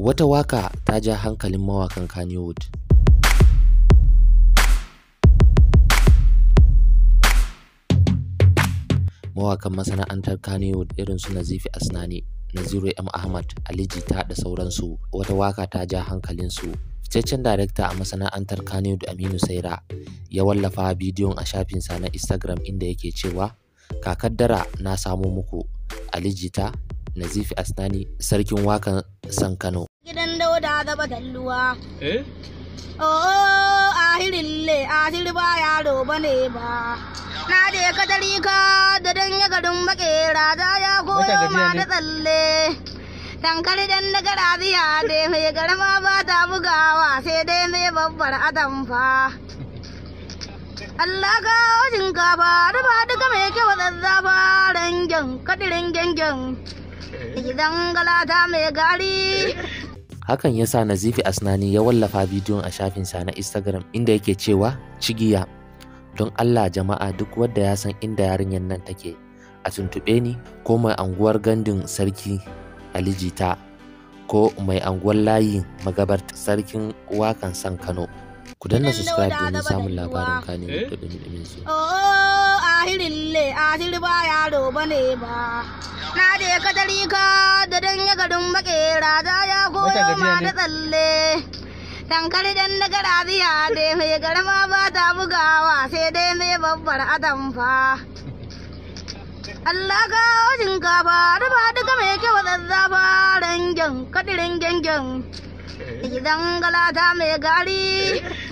wata waka ta ja hankalin mawakan Kannywood. Mawakan masana'antar Kannywood irin su Nazifi Asnani, Naziru M. Ahmad, Aliji ta da sauransu wata waka ta ja hankalinsu. Fitaccen darekta a masana'antar Kannywood Aminu Saira ya wallafa bidiyon a shafinsa na Instagram inda yake cewa, Kakaddara na samo muku, Aliji ta Nazifi Asnani sarkin wakan san Kano. Gidan dauda zaba talluwa. Eh? Oh, ahirin le, ahir ba yaro ba ne ba. Na je ka da dan ya garin makera da ya koyo ma da tsalle. Dankali dan na gara ziya da mai garma ba ta bugawa sai dai mai babbar atamfa. Allah ka shinkafa, rufa duka mai kyau zazzafa rangen, kadirin gengen. Gidan galata mai gari. Hakan ya sa Nazifi Asnani ya wallafa bidiyon a shafinsa na Instagram inda yake cewa cigiya. Don Allah jama'a duk wadda ya san inda yarinyar nan take a tuntuɓe ni ko mai anguwar gandun sarki Alijita ko mai anguwar layi magabar sarkin wakan san Kano. Ku danna subscribe domin samun labarin kane eh? da dumi su. Oh, ahirin le, ahir ba yaro bane ba. na je katalika da dan ya garin makera da ya koyo ma da tsalle tankar dan na gara biya da mai garma ba ta bugawa sai dai mai babbar atamfa Allah ka shinkafa rufa duka mai kyau zazzafa rangen kadirin gengen gidan galata mai gari